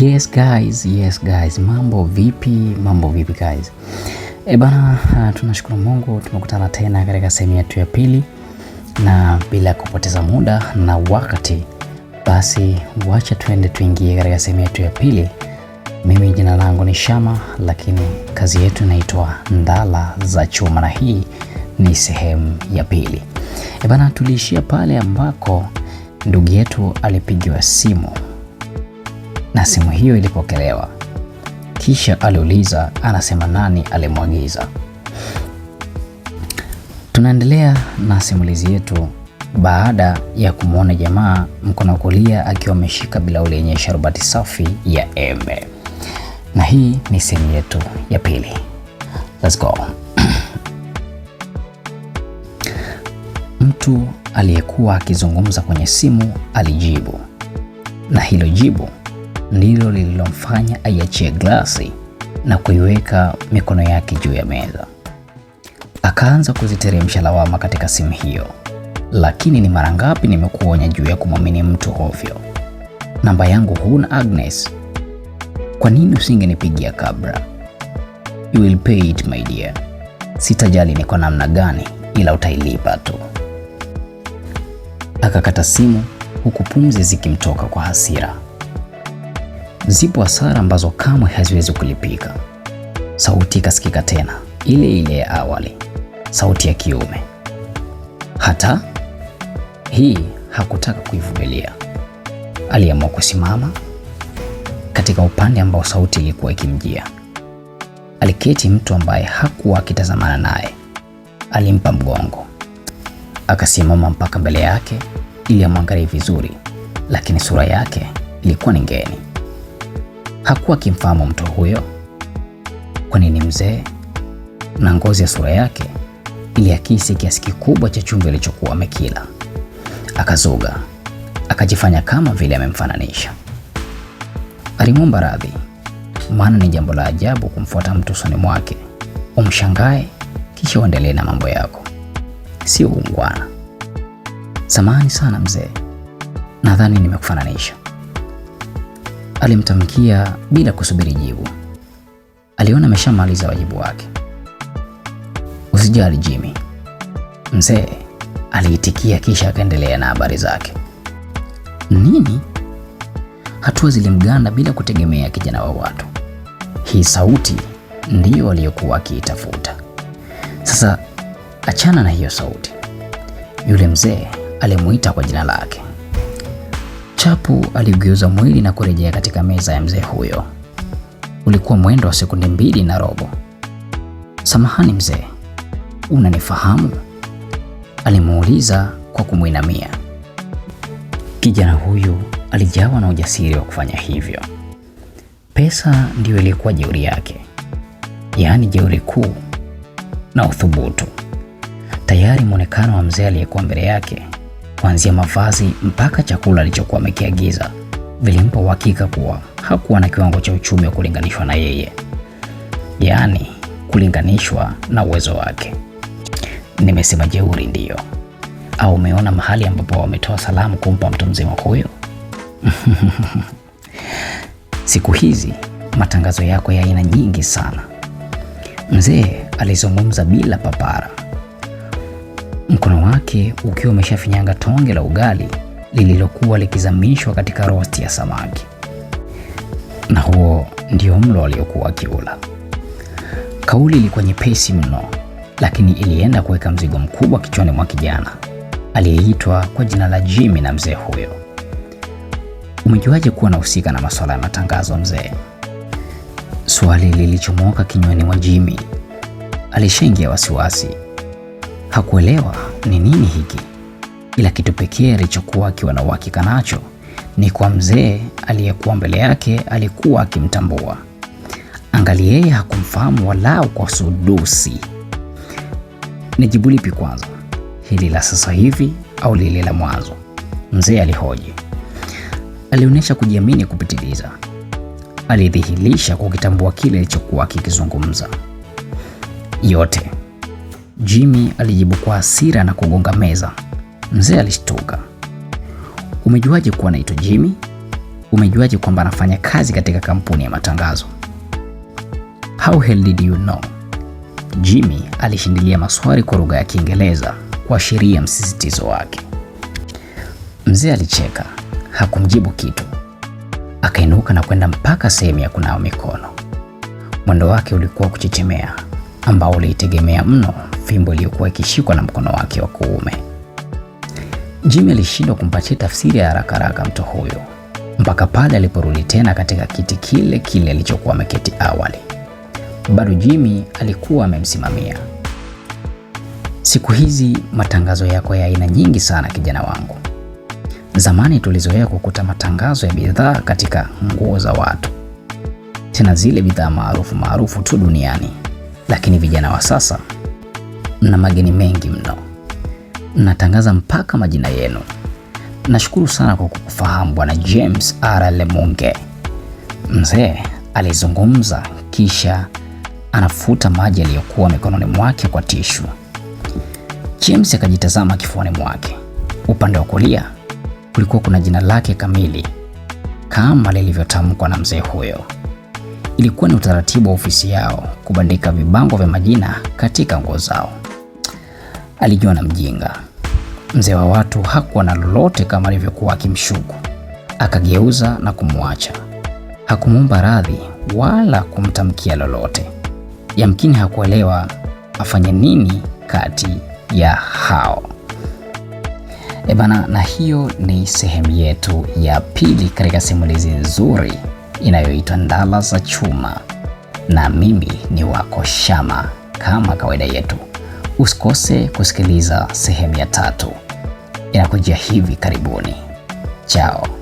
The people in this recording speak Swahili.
Yes guys, yes guys, mambo vipi? Mambo vipi guys? E bana, ah, tunashukuru Mungu tumekutana tena katika sehemu yetu ya pili, na bila kupoteza muda na wakati, basi wacha tuende tuingie katika sehemu yetu ya pili. Mimi jina langu ni Shama, lakini kazi yetu inaitwa Ndala za Chuma, na hii ni sehemu ya pili. E bana, tuliishia pale ambako ndugu yetu alipigiwa simu na simu hiyo ilipokelewa. Kisha aliuliza anasema nani alimwagiza. Tunaendelea na simulizi yetu baada ya kumwona jamaa mkono wa kulia akiwa ameshika bilauli yenye sharubati safi ya embe, na hii ni sehemu yetu ya pili. Let's go. Mtu aliyekuwa akizungumza kwenye simu alijibu, na hilo jibu ndilo lililomfanya aiachie glasi na kuiweka mikono yake juu ya meza. Akaanza kuziteremsha lawama katika simu hiyo. Lakini ni mara ngapi nimekuonya juu ya kumwamini mtu ovyo? Namba yangu huna Agnes? Kwa nini usingenipigia kabla? You will pay it my dear. Sitajali ni kwa namna gani, ila utailipa tu. Akakata simu huku pumzi zikimtoka kwa hasira zipo hasara ambazo kamwe haziwezi kulipika. Sauti ikasikika tena, ile ile ya awali, sauti ya kiume. Hata hii hakutaka kuivumilia, aliamua kusimama katika upande ambao sauti ilikuwa ikimjia. Aliketi mtu ambaye hakuwa akitazamana naye, alimpa mgongo, akasimama mpaka mbele yake ili amwangalie vizuri, lakini sura yake ilikuwa ni ngeni hakuwa akimfahamu mtu huyo, kwani ni mzee na ngozi ya sura yake iliakisi kiasi kikubwa cha chumvi alichokuwa amekila. Akazuga, akajifanya kama vile amemfananisha. Alimwomba radhi, maana ni jambo la ajabu kumfuata mtu usoni mwake umshangae, kisha uendelee na mambo yako, sio uungwana. Samahani sana mzee, nadhani nimekufananisha alimtamkia bila kusubiri jibu. Aliona ameshamaliza wajibu wake. Usijali Jimmy, mzee aliitikia, kisha akaendelea na habari zake. Nini? Hatua zilimganda bila kutegemea kijana wa watu. Hii sauti ndiyo aliyokuwa akiitafuta. Sasa achana na hiyo sauti. Yule mzee alimuita kwa jina lake. Chapu aliugeuza mwili na kurejea katika meza ya mzee huyo. Ulikuwa mwendo wa sekunde mbili na robo. Samahani mzee, unanifahamu? alimuuliza kwa kumwinamia. Kijana huyu alijawa na ujasiri wa kufanya hivyo. Pesa ndiyo ilikuwa jeuri yake, yaani jeuri kuu na uthubutu. Tayari mwonekano wa mzee aliyekuwa mbele yake kuanzia mavazi mpaka chakula alichokuwa amekiagiza vilimpa uhakika kuwa hakuwa na kiwango cha uchumi wa kulinganishwa na yeye, yaani kulinganishwa na uwezo wake. Nimesema jeuri, ndiyo? Au umeona mahali ambapo wametoa salamu kumpa mtu mzima huyo? Siku hizi matangazo yako ya aina nyingi sana. Mzee alizungumza bila papara mkono wake ukiwa umeshafinyanga tonge la ugali lililokuwa likizamishwa katika rosti ya samaki, na huo ndio mlo aliokuwa akiula. Kauli ilikuwa nyepesi mno, lakini ilienda kuweka mzigo mkubwa kichwani mwa kijana aliyeitwa kwa jina la Jimmy na mzee huyo. Umejuaje kuwa nahusika na masuala ya matangazo mzee? Swali lilichomoka kinywani mwa Jimmy. Alishaingia wasiwasi Hakuelewa ni nini hiki, ila kitu pekee alichokuwa akiwa na uhakika nacho ni kwa mzee aliyekuwa mbele yake alikuwa akimtambua, angali yeye hakumfahamu walau kwa sudusi. Ni jibu lipi kwanza, hili la sasa hivi au lile la mwanzo? Mzee alihoji. Alionyesha kujiamini kupitiliza, alidhihirisha kukitambua kile alichokuwa kikizungumza. Yote Jimmy alijibu kwa hasira na kugonga meza. Mzee alishtuka. Umejuaje kuwa naitwa Jimmy? Umejuaje kwamba anafanya kazi katika kampuni ya matangazo? How hell did you know? Jimmy alishindilia maswali kwa lugha ya Kiingereza kuashiria msisitizo wake. Mzee alicheka, hakumjibu kitu. Akainuka na kwenda mpaka sehemu ya kunawa mikono. Mwendo wake ulikuwa kuchechemea ambao uliitegemea mno fimbo iliyokuwa ikishikwa na mkono wake wa kuume. Jimmy alishindwa kumpatia tafsiri ya haraka haraka mtu huyo mpaka pale aliporudi tena katika kiti kile kile alichokuwa ameketi awali. Bado Jimmy alikuwa amemsimamia. Siku hizi matangazo yako ya aina nyingi sana, kijana wangu. Zamani tulizoea kukuta matangazo ya bidhaa katika nguo za watu, tena zile bidhaa maarufu maarufu tu duniani. Lakini vijana wa sasa mna mageni mengi mno, natangaza mpaka majina yenu. Nashukuru sana kwa kukufahamu Bwana James R. Lemunge. Mzee alizungumza kisha anafuta maji aliyokuwa mikononi mwake kwa tishu. James akajitazama kifuani mwake. Upande wa kulia kulikuwa kuna jina lake kamili kama lilivyotamkwa na mzee huyo. Ilikuwa ni utaratibu wa ofisi yao kubandika vibango vya majina katika nguo zao. Alijiona mjinga. Mzee wa watu hakuwa na lolote kama alivyokuwa akimshuku. Akageuza na kumwacha. Hakumuomba radhi wala kumtamkia lolote. Yamkini hakuelewa afanye nini kati ya hao. Ebana, na hiyo ni sehemu yetu ya pili katika simulizi nzuri inayoitwa Ndala za Chuma, na mimi ni wako Shama. Kama kawaida yetu, usikose kusikiliza sehemu ya tatu inakujia hivi karibuni. Chao.